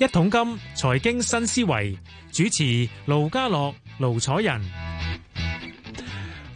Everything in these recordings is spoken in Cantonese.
一桶金財經新思維，主持盧家樂、盧楚仁。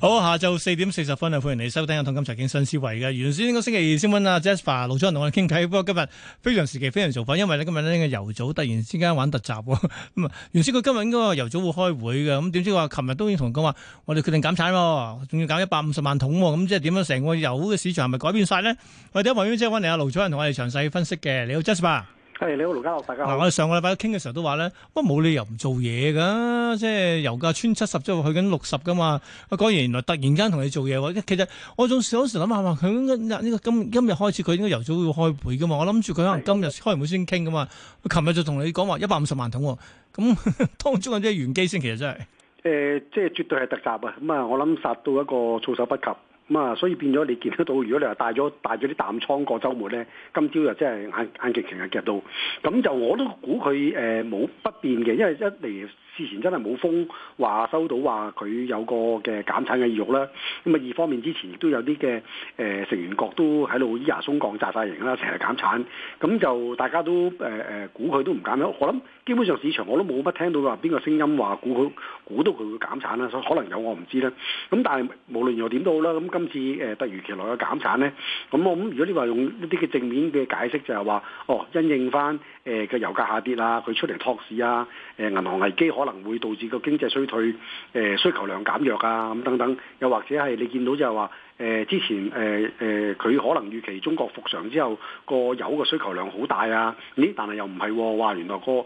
好，下晝四點四十分啊，歡迎你收聽《一桶金財經新思維》嘅。原先應該星期二先揾阿 Jasper 盧楚仁同我哋傾偈，不過今日非常時期，非常做法，因為呢，今日呢嘅油組突然之間玩突襲喎。咁啊，原先佢今日應該油組會開會嘅，咁點知話琴日都已經同佢講話，我哋決定減產喎，仲要減一百五十萬桶，咁即係點樣？成個油嘅市場係咪改變晒呢？我哋喺旁邊即係揾嚟阿盧楚仁同我哋詳細分析嘅，你好，Jasper。Jas 係你好，盧家樂，大家好。我哋上個禮拜傾嘅時候都話咧，乜冇理由唔做嘢噶，即係油價穿七十之後去緊六十噶嘛。佢講完，原來突然間同你做嘢喎。其實我仲有時諗下話，佢應該呢個今今，今日開始，佢應該由早要開會噶嘛。我諗住佢可能今日開完會先傾噶嘛。佢琴日就同你講話一百五十萬桶，啊，咁當中有啲玄機先，其實真係。誒、呃，即係絕對係突襲啊！咁啊，我諗殺到一個措手不及。咁啊、嗯，所以變咗你見得到，如果你話帶咗帶咗啲淡倉過週末咧，今朝又真係眼眼劇劇係夾到，咁就我都估佢誒冇不變嘅，因為一嚟，之前真係冇風話收到話佢有個嘅減產嘅意欲啦，咁啊二方面之前亦都有啲嘅誒成員國都喺度咿牙鬆降，炸晒型啦，成日減產，咁就大家都誒誒、呃呃、估佢都唔減啦。我諗基本上市場我都冇乜聽到話邊個聲音話估佢估到佢會減產啦，所以可能有我唔知啦。咁但係無論又點都好啦，咁今次誒突如其來嘅減產咧，咁我諗如果你話用一啲嘅正面嘅解釋就係話，哦因應翻。誒嘅、呃、油價下跌啦，佢出嚟托市啊！誒、呃、銀行危機可能會導致個經濟衰退，誒、呃、需求量減弱啊咁等等。又或者係你見到就係話，誒、呃、之前誒誒佢可能預期中國復常之後個油嘅需求量好大啊！咦，但係又唔係喎，話原來、個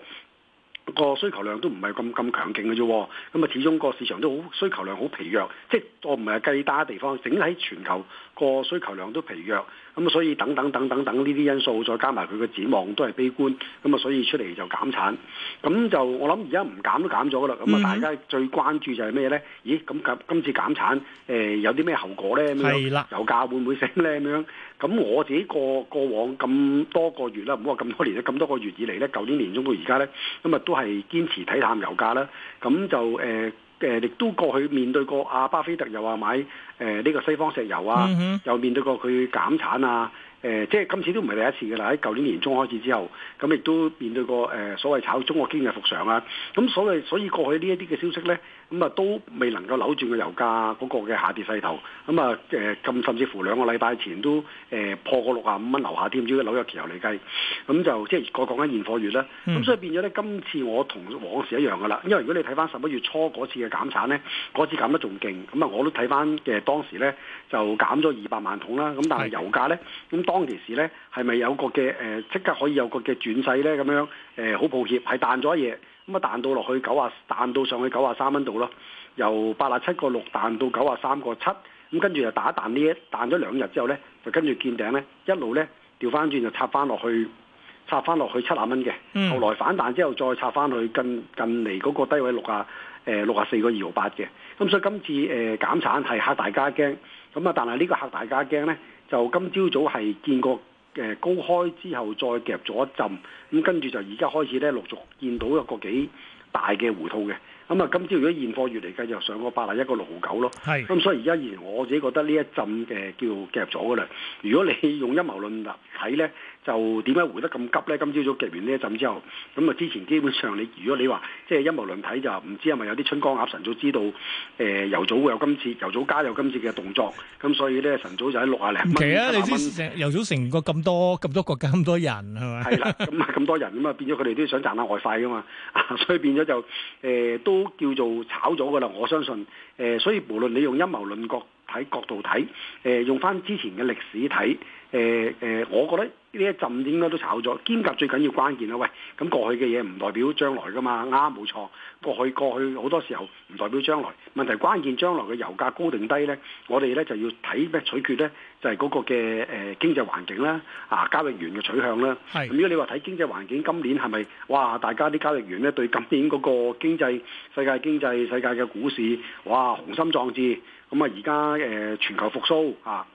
個需求量都唔係咁咁強勁嘅啫，咁啊始終個市場都好需求量好疲弱， 即係我唔係計單地方，整體全球個需求量都疲弱，咁啊所以等等等等等呢啲因素再加埋佢嘅展望都係悲觀，咁啊所以出嚟就減產，咁就我諗而家唔減都減咗噶啦，咁啊大家最關注就係咩呢？咦，咁今次減產誒、呃、有啲咩後果呢？係啦，的油價會唔會升呢？咁樣？咁我自己過過往咁多個月啦，唔好話咁多年咧，咁多個月以嚟呢，舊年年中到而家呢，咁啊都係堅持睇淡油價啦。咁就誒誒，亦、呃呃、都過去面對過阿巴菲特又話買誒呢個西方石油啊，嗯、哼又面對過佢減產啊。誒、嗯，嗯、即係今次都唔係第一次㗎啦！喺舊年年中開始之後，咁亦都面對過誒所謂炒中國經濟復常啦。咁所以所以過去呢一啲嘅消息呢，咁啊都未能夠扭轉個油價嗰個嘅下跌勢頭。咁啊誒，咁甚至乎兩個禮拜前都誒破過六啊五蚊樓下添，主要紐約期油嚟計。咁、嗯、就即係過講緊現貨月啦。咁所以變咗呢，今次我同往時一樣㗎啦。因為如果你睇翻十一月初嗰次嘅減產呢，嗰次減得仲勁。咁啊，我都睇翻嘅當時呢，就減咗二百萬桶啦。咁但係油價呢。咁當其時咧，係咪有個嘅誒即刻可以有個嘅轉勢咧？咁樣誒，好、呃、抱歉，係彈咗一嘢，咁啊彈到落去九啊，彈到上去九啊三蚊度咯，由八啊七個六彈到九啊三個七，咁跟住就打彈呢一彈咗兩日之後咧，就跟住見頂咧，一路咧調翻轉就插翻落去，插翻落去七啊蚊嘅，後來反彈之後再插翻去近近嚟嗰個低位六啊誒六啊四個二毫八嘅，咁所以今次誒、呃、減產係嚇大家驚，咁啊但係呢個嚇大家驚咧。就今朝早係見過誒、呃、高開之後再夾咗一陣，咁跟住就而家開始咧陸續見到一個幾大嘅回吐嘅，咁、嗯、啊今朝如果現貨月嚟計就上咗八十一個六毫九咯，係是，咁、嗯、所以而家而我自己覺得呢一陣嘅叫夾咗噶啦，如果你用陰謀論嚟睇咧。就點解回得咁急咧？今朝早汲完呢一陣之後，咁啊之前基本上你如果你話即係陰謀論睇就唔知係咪有啲春江鴨。鴨晨早知道誒、呃、油組會有今次油組加有今次嘅動作，咁所以咧晨早就喺六啊零蚊、七啊蚊。啊唔奇啊，你知成油組成個咁多咁多國咁多人係嘛？係啦，咁啊咁多人咁啊變咗佢哋都想賺下外快㗎嘛，所以變咗就誒、呃、都叫做炒咗㗎啦。我相信誒、呃，所以無論你用陰謀論角睇角度睇，誒、呃、用翻之前嘅歷史睇。誒誒、 嗯，我覺得呢一陣應該都炒咗，兼夾最緊要關鍵啦。喂，咁過去嘅嘢唔代表將來㗎嘛？啱冇錯，過去過去好多時候唔代表將來。問題關鍵將來嘅油價高定低呢，我哋呢就要睇咩取決呢就係、是、嗰個嘅誒、呃、經濟環境啦，啊交易員嘅取向啦。係是。如果你話睇經濟環境，今年係咪？哇，大家啲交易員呢對今年嗰個經濟、世界經濟、世界嘅股市，哇雄心壯志。咁啊，而家誒全球復甦啊，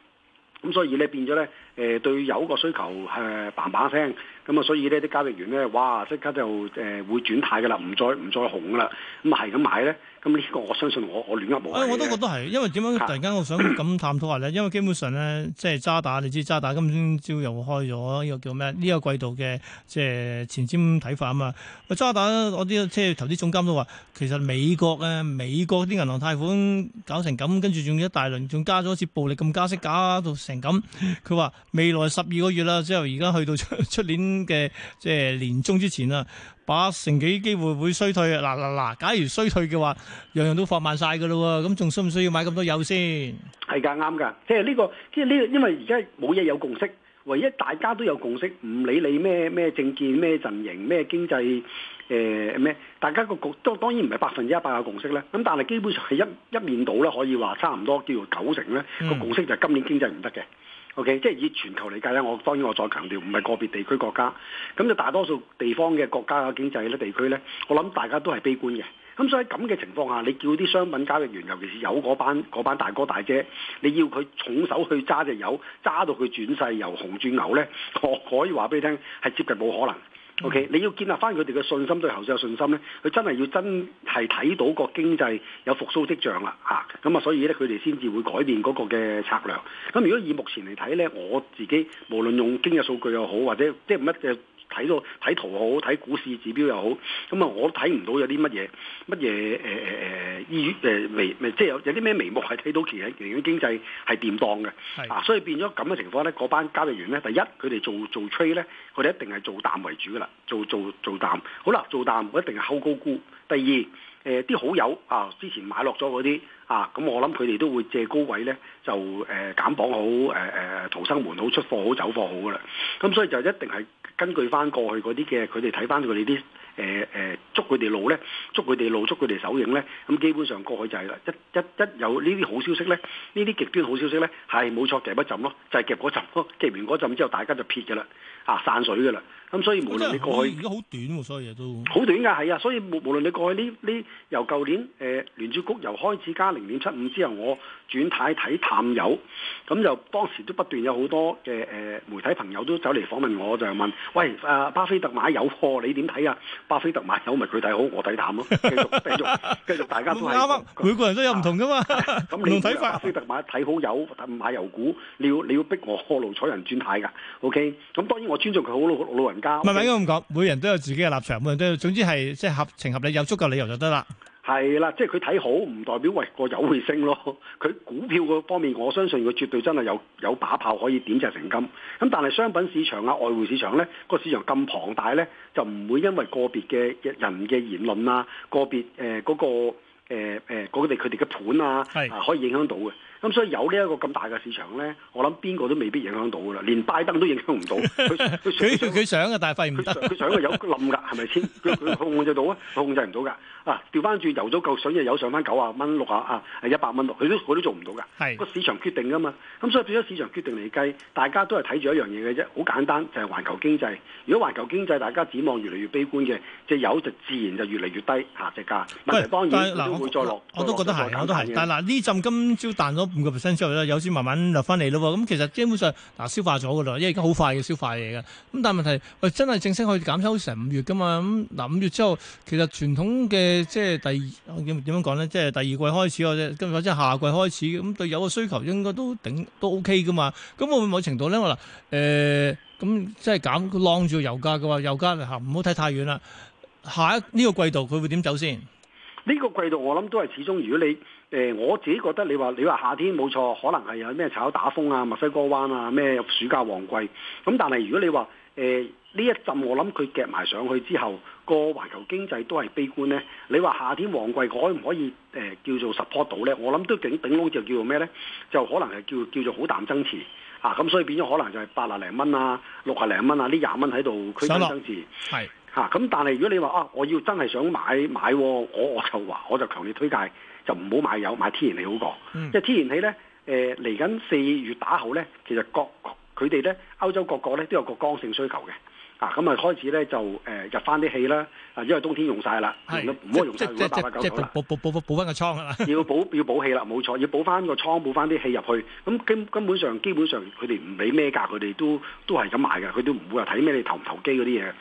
咁所以呢，變咗呢。誒，對，有個需求係嘭嘭聲。呃白白咁啊、嗯，所以呢啲交易員咧，哇！即刻就誒、呃、會轉態嘅啦，唔再唔再紅嘅啦。咁啊，係咁買咧，咁、這、呢個我相信我我亂噏冇、哎。我都覺得係，因為點樣？突然間我想咁探討下咧，因為基本上咧，即係渣打，你知渣打今朝又開咗一個叫咩？呢、這個季度嘅即係前瞻睇法啊嘛。渣打我啲即係投資總監都話，其實美國啊，美國啲銀行貸款搞成咁，跟住仲一大輪，仲加咗好似暴力咁加息，搞到成咁。佢話未來十二個月啦，即係而家去到出年。嘅即係年中之前啊，八成幾機會會衰退啊！嗱嗱嗱，假如衰退嘅話，樣樣都放慢晒噶咯喎，咁仲需唔需要買咁多油先？係噶，啱噶，即係呢個，即係呢，因為而家冇嘢有共識，唯一大家都有共識，唔理你咩咩政見、咩陣營、咩經濟誒咩，大家個局都當然唔係百分之一百嘅共識咧。咁但係基本上係一一面倒啦，可以話差唔多，叫做九成咧個共識就係今年經濟唔得嘅。OK，即係以全球嚟計咧，我當然我再強調，唔係個別地區國家，咁就大多數地方嘅國家嘅經濟咧、地區咧，我諗大家都係悲觀嘅。咁所以喺咁嘅情況下，你叫啲商品交易員，尤其是有嗰班班大哥大姐，你要佢重手去揸隻油，揸到佢轉勢，由紅轉牛咧，我可以話俾你聽，係接近冇可能。OK，你要建立翻佢哋嘅信心，對後市有信心咧，佢真係要真係睇到個經濟有復甦跡象啦，嚇，咁啊，所以咧佢哋先至會改變嗰個嘅策略。咁如果以目前嚟睇咧，我自己無論用經濟數據又好，或者即係乜嘅，就是睇到睇圖好，睇股市指標又好，咁啊，我睇唔到有啲乜嘢乜嘢誒誒誒醫院眉咪即係有有啲咩眉目係睇到其實營養經濟係掂當嘅，是的 啊，所以變咗咁嘅情況咧，嗰班交易員咧，第一佢哋做做 trade 咧，佢哋一定係做淡為主噶啦，做做做淡，好啦，做淡一定係候高沽。第二誒啲、呃、好友啊，之前買落咗嗰啲啊，咁我諗佢哋都會借高位咧就誒、呃、減磅好誒誒、呃、逃生門好出貨好走貨好噶啦，咁所以就一定係。根據翻過去嗰啲嘅，佢哋睇翻佢哋啲誒誒捉佢哋路咧，捉佢哋路，路，捉佢哋手影咧，咁基本上過去就係、是、啦，一一一有呢啲好消息咧，呢啲極端好消息咧，係冇錯夾一陣咯，就係、是、夾嗰陣咯，夾完嗰陣之後，大家就撇㗎啦，啊散水㗎啦。咁所以無論你過去而家好短喎，所以都好短㗎，係啊！所以無無論你過去呢呢由舊年誒、呃、聯儲局由開始加零點七五之後，我轉態睇淡油。咁就當時都不斷有好多嘅誒、呃、媒體朋友都走嚟訪問我，就係、問：喂，阿巴菲特買油貨，你點睇啊？巴菲特買油咪佢睇好，我睇淡咯、啊，繼續繼續，繼續大家都係 每個人都有唔同噶嘛。咁、啊啊、你睇巴菲特買睇好油，買油股，你要你要逼我盧楚仁轉態㗎？OK，咁當然我尊重佢好老老人。唔係，唔應該咁講，每人都有自己嘅立場，每人都有總之係即係合情合理，有足夠理由就得啦。係啦，即係佢睇好唔代表喂個油會升咯。佢股票個方面，我相信佢絕對真係有有把炮可以點石成金。咁但係商品市場啊、外匯市場咧，個市場咁龐大咧，就唔會因為個別嘅人嘅言論啊，個別誒嗰、呃嗰個誒誒佢哋嘅盤啊，係的、啊、可以影響到嘅。咁所以有呢一個咁大嘅市場咧，我諗邊個都未必影響到噶啦，連拜登都影響唔到。佢佢想嘅，想啊，但係發現佢想佢想係有冧㗎，係咪先？佢控控制到啊？佢控制唔到㗎。啊，調翻轉遊咗夠水，又由上翻九啊蚊六下啊，一百蚊六，佢都佢都做唔到㗎。係個市場決定㗎嘛。咁所以變咗市場決定嚟計，大家都係睇住一樣嘢嘅啫。好簡單，就係環球經濟。如果環球經濟大家展望越嚟越悲觀嘅，隻油就自然就越嚟越低下隻價。唔係當然佢會再落。我都覺得係，都係。但係嗱，呢陣今朝彈咗。五個 percent 之後咧，有先慢慢落翻嚟咯。咁其實基本上嗱、啊，消化咗噶啦，因為而家好快嘅消化嘢嘅。咁但係問題，喂、啊，真係正式可以減收成五月噶嘛？咁、嗯、嗱，五、啊、月之後，其實傳統嘅即係第二，點、啊、點樣講咧？即係第二季開始或者即係下季開始，咁、嗯、對油嘅需求應該都頂都 OK 噶嘛？咁會唔會某程度咧？我、呃、嗱，誒、嗯，咁即係減，晾住油價嘅話，油價吓唔好睇太遠啦。下一呢、這個季度佢會點走先？呢個季度我諗都係始終，如果你誒、呃、我自己覺得你話你話夏天冇錯，可能係有咩炒打風啊、墨西哥灣啊、咩暑假旺季。咁、嗯、但係如果你話誒呢一陣我諗佢夾埋上去之後，個環球經濟都係悲觀咧。你話夏天旺季可唔可以誒、呃、叫做 support 到咧？我諗都頂頂好就叫做咩咧？就可能係叫叫做好淡增持啊。咁所以變咗可能就係八啊零蚊啊、六啊零蚊啊、呢廿蚊喺度區間增持。係嚇咁，但係如果你話啊，我要真係想買買、啊，我我就話我就強烈推介。就唔好買油，買天然氣好過。嗯、因為天然氣咧，誒嚟緊四月打後咧，其實各個佢哋咧，歐洲各國咧都有個剛性需求嘅。啊，咁啊開始咧就誒、呃、入翻啲氣啦。啊，因為冬天用曬啦，唔好用晒，冇八八九九啦。了 8, 9，即即即補補補翻個倉啦 要補要補氣啦，冇錯，要補翻個倉，補翻啲氣入去。咁、嗯、根根本上基本上佢哋唔理咩價，佢哋都都係咁賣嘅，佢都唔會話睇咩，你投唔投機嗰啲嘢。啊，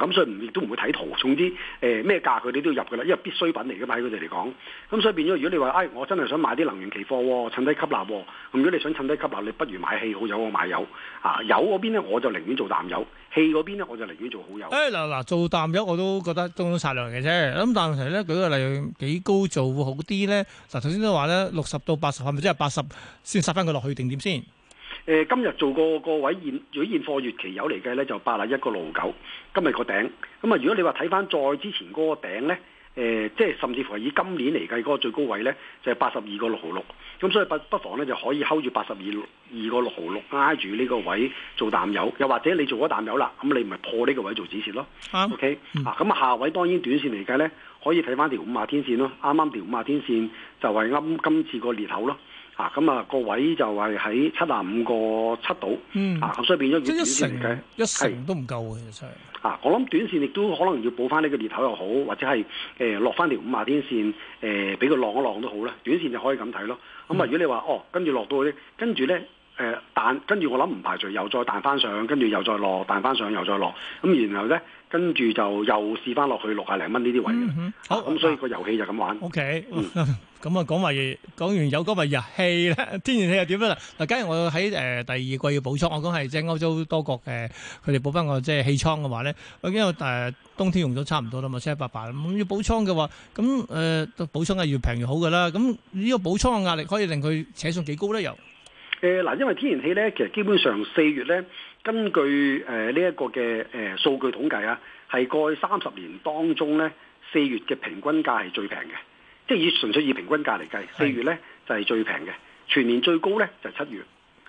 咁、啊、所以亦都唔會睇圖，總之誒咩、呃、價佢哋都要入嘅啦，因為必需品嚟噶嘛，喺佢哋嚟講。咁所以變咗，如果你話誒、哎、我真係想買啲能源期貨，啊、趁低吸納。咁、啊啊、如果你想趁低吸納，你不如買氣好，有我買油。啊，油嗰邊咧，我就寧願做淡油。氣嗰邊咧，我就寧願做好友。誒嗱嗱，做淡咗我都覺得都殺量嘅啫。咁但係問題咧，舉個例幾高做好啲咧？嗱，頭先都話咧，六十到八十，係咪即係八十先殺翻佢落去定點先？誒、呃，今日做個個位，現如果現貨月期有嚟計咧，就八啊一個六九。今日個頂咁啊！如果你話睇翻再之前嗰個頂咧？誒、呃，即係甚至乎以今年嚟計嗰個最高位呢就係八十二個六毫六。咁所以不不妨呢，就可以睺住八十二二個六毫六挨住呢個位做淡友，又或者你做咗淡友啦，咁你咪破呢個位做止蝕咯。OK，啊，咁 Okay?、嗯、啊下位當然短線嚟計呢，可以睇翻條五馬天線咯。啱啱條五馬天線就係啱今次個裂口咯。啊，咁、那、啊個位就係喺七啊五個七度，啊咁所以變咗，即係一成嘅一成都唔夠喎，真係啊，我諗短線亦都可能要補翻呢個裂口又好，或者係誒、呃、落翻條五十天線誒俾佢浪一浪都好啦，短線就可以咁睇咯。咁啊，如果你話哦跟住落到去咧，跟住咧。誒彈跟住我諗唔排除又再彈翻上，跟住又再落彈翻上，又再落咁。然後咧，跟住就又試翻落去六、mm hmm. 啊零蚊呢啲位。好咁，那所以個遊戲就咁玩。O K，咁啊講埋講完有講埋日氣咧，天然氣又點啊？嗱，假如我喺誒第二季要補倉，我講係即係歐洲多國誒，佢、呃、哋補翻個即係氣倉嘅話咧，因為誒、呃、冬天用咗差唔多啦嘛，七七八八啦，咁要補倉嘅話，咁誒、呃、補倉係越平越好嘅啦。咁呢個補倉嘅壓力可以令佢扯上幾高咧？又誒嗱，因為天然氣咧，其實基本上四月咧，根據誒呢一個嘅誒、呃、數據統計啊，係過去三十年當中咧，四月嘅平均價係最平嘅，即係以純粹以平均價嚟計，四月咧就係、係、最平嘅。全年最高咧就係、係、七月，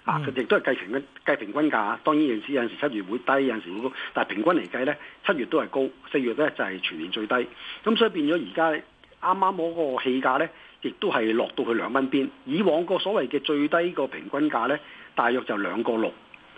啊，亦都係計平均計平均價。當然有陣時有陣時七月會低，有陣時會高，但係平均嚟計咧，七月都係高，四月咧就係、係、全年最低。咁所以變咗而家啱啱嗰個氣價咧。亦都係落到去兩蚊邊。以往個所謂嘅最低個平均價呢，大約就兩個六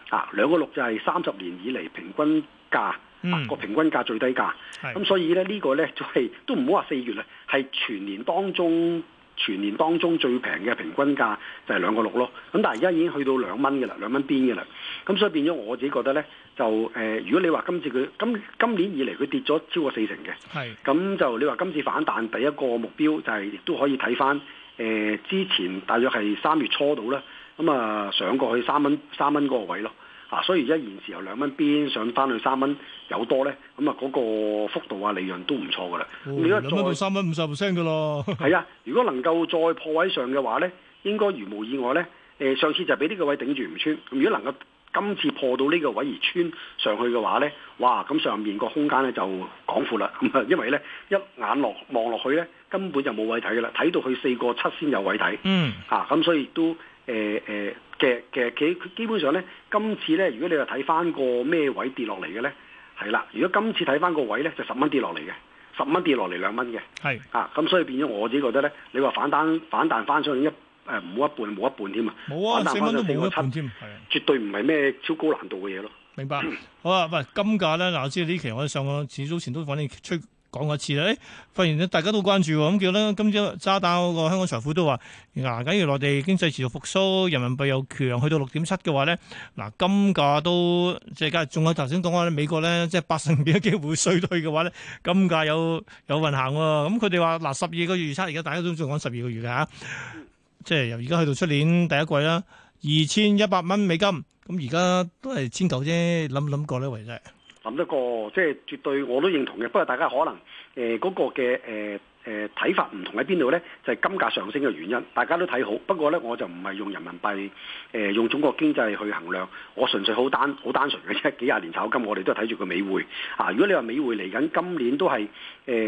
啊，兩個六就係三十年以嚟平均價個、嗯啊、平均價最低價。咁是所以呢，呢、呢個呢就係、是、都唔好話四月啦，係全年當中全年當中最平嘅平均價就係兩個六咯。咁但係而家已經去到兩蚊嘅啦，兩蚊邊嘅啦。咁所以變咗我自己覺得呢。就誒、呃，如果你話今次佢今今年以嚟佢跌咗超過四成嘅，係咁是就你話今次反彈，第一個目標就係亦都可以睇翻誒之前大約係三月初到啦，咁、嗯、啊上過去三蚊三蚊嗰個位咯，啊所以而家現時由兩蚊邊上翻去三蚊有多咧，咁啊嗰個幅度啊利潤都唔錯噶啦，兩蚊、哦、到三蚊五十%噶咯，係啊 如果能夠再破位上嘅話咧，應該如無意外咧，誒、呃、上次就俾呢個位頂住唔穿，如果能夠今次破到呢個位而穿上去嘅話呢，哇！咁上面個空間呢就廣闊啦。咁啊，因為呢一眼落望落去呢，根本就冇位睇嘅啦，睇到佢四個七先有位睇。位，嗯。啊，咁所以都誒誒嘅嘅其實基本上呢，今次呢，如果你話睇翻個咩位跌落嚟嘅呢，係啦。如果今次睇翻個位呢，就十蚊跌落嚟嘅，十蚊跌落嚟兩蚊嘅。係。是 啊，咁所以變咗我自己覺得呢，你話反彈反彈翻上去一。誒，冇、哎、一半冇一半添啊！冇啊，四蚊都冇一半添，係絕對唔係咩超高難度嘅嘢咯。明白，好啊，喂，金價咧嗱，我知呢期我哋上過，至少前都反正出講過一次啦。誒、哎，發現大家都關注喎，咁叫咧，今朝渣打個香港財富都話，嗱、啊，假如內地經濟持續復蘇，人民幣有強，去到六點七嘅話咧，嗱，金價都即係，今日仲有頭先講話，美國咧，即係八成幾嘅機會衰退嘅話咧，金價有有運行喎。咁佢哋話嗱，十二、啊、個月預測而家大家都仲講十二個月嘅吓。啊啊啊即係由而家去到出年第一季啦，二千一百蚊美金，咁而家都係千九啫，諗唔諗過呢？為真諗得過，即係絕對我都認同嘅。不過大家可能誒嗰、呃嗰個嘅誒。呃誒睇法唔同喺邊度呢？就係、是、金價上升嘅原因，大家都睇好。不過呢，我就唔係用人民幣，誒、呃、用中國經濟去衡量。我純粹好單好單純嘅啫，幾廿年炒金我，我哋都係睇住個美匯啊。如果你話美匯嚟緊今年都係誒、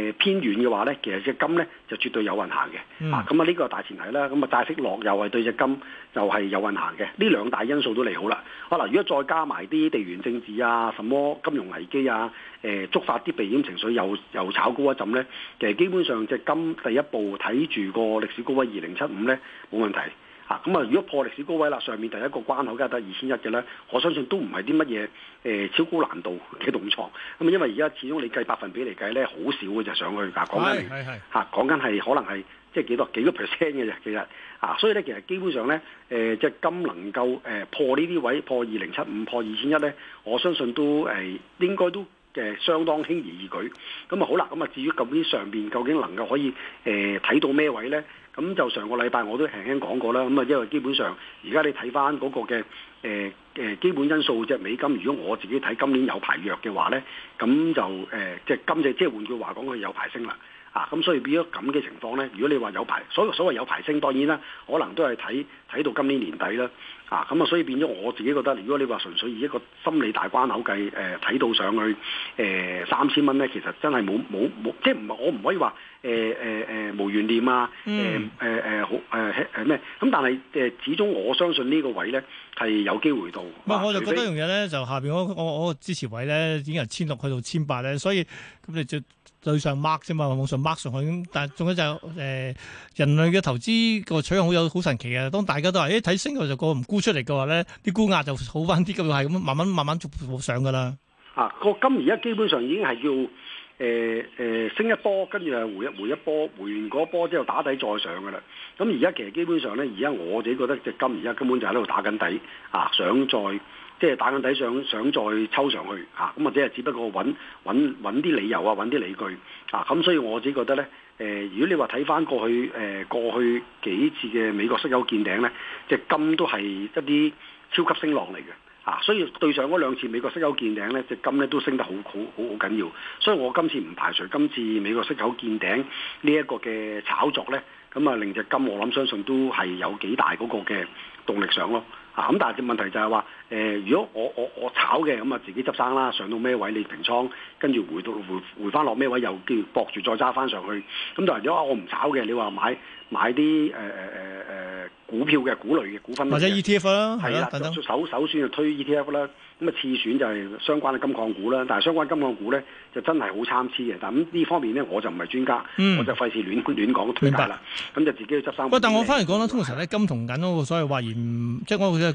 呃、偏軟嘅話呢，其實隻金呢就絕對有運行嘅。嗯、啊，咁啊呢個大前提啦，咁啊大息落又係對隻金就係、是、有運行嘅。呢兩大因素都利好啦。好、啊、可能如果再加埋啲地緣政治啊、什麼金融危機啊、誒、呃、觸發啲避險情緒又又炒高一陣咧，其實基本上。即係今第一步睇住個歷史高位二零七五咧，冇問題嚇。咁啊，如果破歷史高位啦，上面第一個關口梗係得二千一嘅咧，00, 我相信都唔係啲乜嘢誒超高難度嘅動作。咁啊，因為而家始終你計百分比嚟計咧，好少嘅就上去㗎。講緊係嚇，講緊係可能係即係幾多幾個 percent 嘅啫，其實啊，所以咧，其實基本上咧，誒、呃、即係今能夠誒、呃、破呢啲位，破二零七五，破二千一咧，我相信都誒、呃、應該都。嘅相當輕而易舉，咁啊好啦，咁啊至於近邊上邊究竟能夠可以誒睇、呃、到咩位呢？咁就上個禮拜我都輕輕講過啦。咁啊，因為基本上而家你睇翻嗰個嘅誒誒基本因素即係，就是、美金如果我自己睇今年有排弱嘅話呢，咁就誒即係今即即係換句話講，佢有排升啦啊！咁所以變咗咁嘅情況呢，如果你話有排所所謂有排升，當然啦，可能都係睇。睇到今年年底啦，啊咁啊，所以變咗我自己覺得，如果你話純粹以一個心理大關口計，誒、呃，睇到上去誒、呃，三千蚊咧，其實真係冇冇冇，即係唔係我唔可以話，誒、呃，誒，誒，無懸念啊，誒、呃，誒、呃，誒好誒，誒、呃，咩、呃？咁、呃呃、但係誒、呃，始終我相信呢個位咧係有機會到。唔、啊、係，我就覺得樣嘢咧就下邊我我我支持位咧已經係千六去到千八咧，所以咁你就對上 mark 啫嘛，往上 mark 上去咁，但係仲有就誒、呃、人類嘅投資個取向好有好神奇嘅，當大大家都、欸、話，誒睇升嘅就個唔沽出嚟嘅話咧，啲沽壓就好翻啲，咁樣係咁慢慢慢慢逐步上嘅啦。啊，那個金而家基本上已經係要誒誒升一波，跟住又回一回一波，回完嗰波之後打底再上嘅啦。咁而家其實基本上咧，而家我自己覺得隻金而家根本就喺度打緊底啊，想再即係、就是、打緊底，想想再抽上去啊。咁或者係只不過揾揾揾啲理由啊，揾啲理據啊。咁所以我自己覺得咧。誒、呃，如果你話睇翻過去誒、呃，過去幾次嘅美國息口見頂呢，隻金都係一啲超級升浪嚟嘅。啊，所以對上嗰兩次美國息口見頂呢，隻金呢都升得好好好好緊要，所以我今次唔排除今次美國息口見頂呢一個嘅炒作呢。咁啊令隻金我諗相信都係有幾大嗰個嘅動力上咯。啊咁，但係嘅問題就係話，誒、呃，如果我我我炒嘅，咁啊自己執生啦，上到咩位你平倉，跟住回到回回翻落咩位又繼續駁住再揸翻上去，咁、嗯、但係如果我唔炒嘅，你話買買啲誒誒誒誒。呃呃股票嘅股類嘅股份或者 ETF 啦，係啦的，等等。首首先就推 ETF 啦，咁啊次選就係相關嘅金礦股啦。但係相關金礦股咧，就真係好參差嘅。但係咁呢方面咧，我就唔係專家，嗯、我就費事亂亂講推介啦。咁白就自己去執生。喂，但我翻嚟講啦，的通常咧金同銀嗰個所謂懷言，即我覺得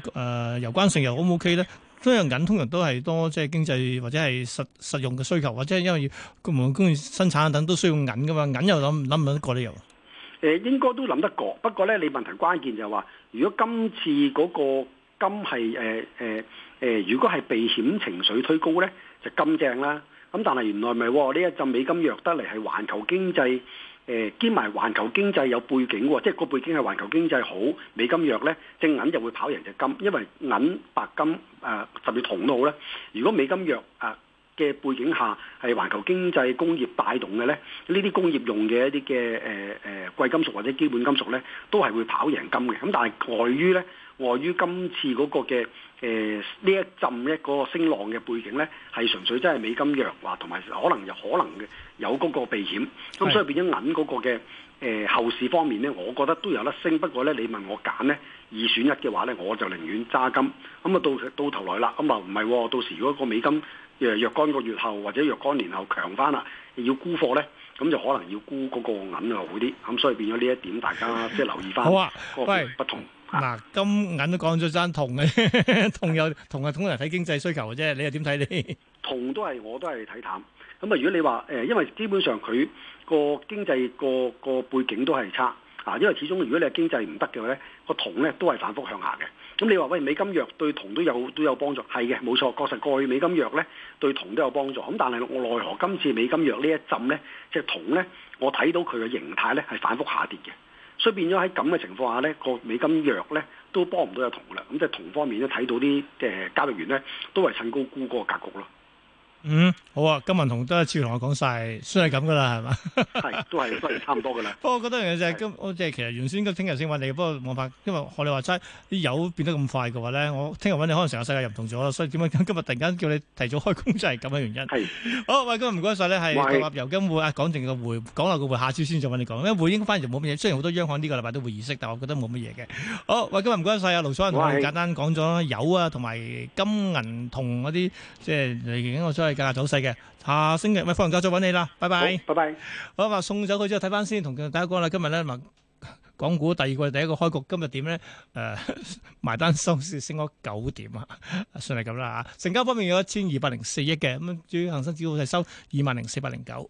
誒有關性又 O 唔 O K 咧？通常銀通常都係多即係經濟或者係實實用嘅需求，或者因為工業、生產等等都需要銀噶嘛。銀又諗諗唔到一個理由。誒應該都諗得過，不過呢，你問題關鍵就係話，如果今次嗰個金係誒誒誒，如果係避險情緒推高呢，就金正啦。咁但係原來咪呢一陣美金弱得嚟係環球經濟誒、呃，兼埋環球經濟有背景喎，即係個背景係環球經濟好，美金弱呢，正銀就會跑贏隻金，因為銀、白金啊、呃，甚至銅都好咧。如果美金弱啊～、呃嘅背景下係環球經濟工業帶動嘅咧，呢啲工業用嘅一啲嘅誒誒貴金屬或者基本金屬呢，都係會跑贏金嘅。咁但係礙於呢，礙於今次嗰個嘅誒呢一浸一個升浪嘅背景呢，係純粹真係美金弱化，同埋可能有可能嘅有嗰個避險。咁的所以變咗銀嗰個嘅誒、呃、後市方面呢，我覺得都有得升。不過呢，你問我揀呢二選一嘅話呢，我就寧願揸金。咁、嗯、啊到到頭來啦，咁啊唔係、啊，到時如果個美金若干個月後或者若干年後強翻啦，要沽貨咧，咁就可能要沽嗰個銀啊好啲，咁所以變咗呢一點，大家即係留意翻。好啊，喂，不同、啊。嗱，金銀都講咗，爭銅，嘅銅有銅啊，通常睇經濟需求嘅啫，你又點睇你？銅都係，我都係睇淡。咁啊，如果你話誒，因為基本上佢個經濟個個背景都係差。啊，因為始終如果你係經濟唔得嘅話咧，個銅咧都係反覆向下嘅。咁、嗯、你話喂美金弱對銅都有都有幫助，係嘅，冇錯，確實過去美金弱咧對銅都有幫助。咁、嗯、但係我奈何今次美金弱呢一浸咧，即係銅咧，我睇到佢嘅形態咧係反覆下跌嘅。所以變咗喺咁嘅情況下咧，個美金弱咧都幫唔到有銅㗎啦。咁、嗯、即係銅方面咧睇到啲即交易員咧都係趁高沽嗰個格局咯。嗯，好啊！金銀銅都一次同我講曬， 都係咁噶啦，係嘛？係、 哦，都係都係差唔多噶啦。不過我覺得一樣就係今，即係其實原先應該聽日先揾你。不過冇法，因為我哋話齋啲油變得咁快嘅話咧，我聽日揾你可能成個世界又唔同咗啦。所以點解今日突然間叫你提早開工，真係咁嘅原因。好，喂！今日唔該曬咧，係油金匯講定個匯，講下個匯，下次先再揾你講。因為匯應該反而就冇乜嘢。雖然好多央行呢個禮拜都會議息，但我覺得冇乜嘢嘅。好，喂！今日唔該晒啊，盧楚仁同你簡單講咗油啊，同埋的的金銀同嗰啲即係嚟緊，我走勢嘅，下、啊、星期咪放完假再揾你啦，拜拜，拜拜。好，我送走佢之後睇翻先，同大家講啦，今日咧話港股第二季第一個開局，今日點咧？誒、呃，埋單收市升咗九點啊，算係咁啦嚇。成交方面有一千二百零四億嘅。咁啊，至於恆生指數係收二萬零四百零九。